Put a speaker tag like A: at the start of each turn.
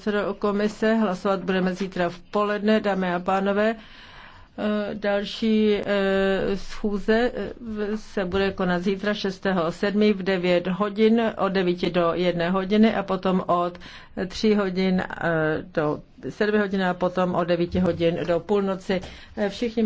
A: předsedo komise. Hlasovat budeme zítra v poledne, dámy a pánové. E, další e, schůze e, se bude konat zítra 6.7. v 9 hodin, od 9 do 1 hodiny a potom od 3 hodin do 7 hodin a potom od 9 hodin do půlnoci. Všichni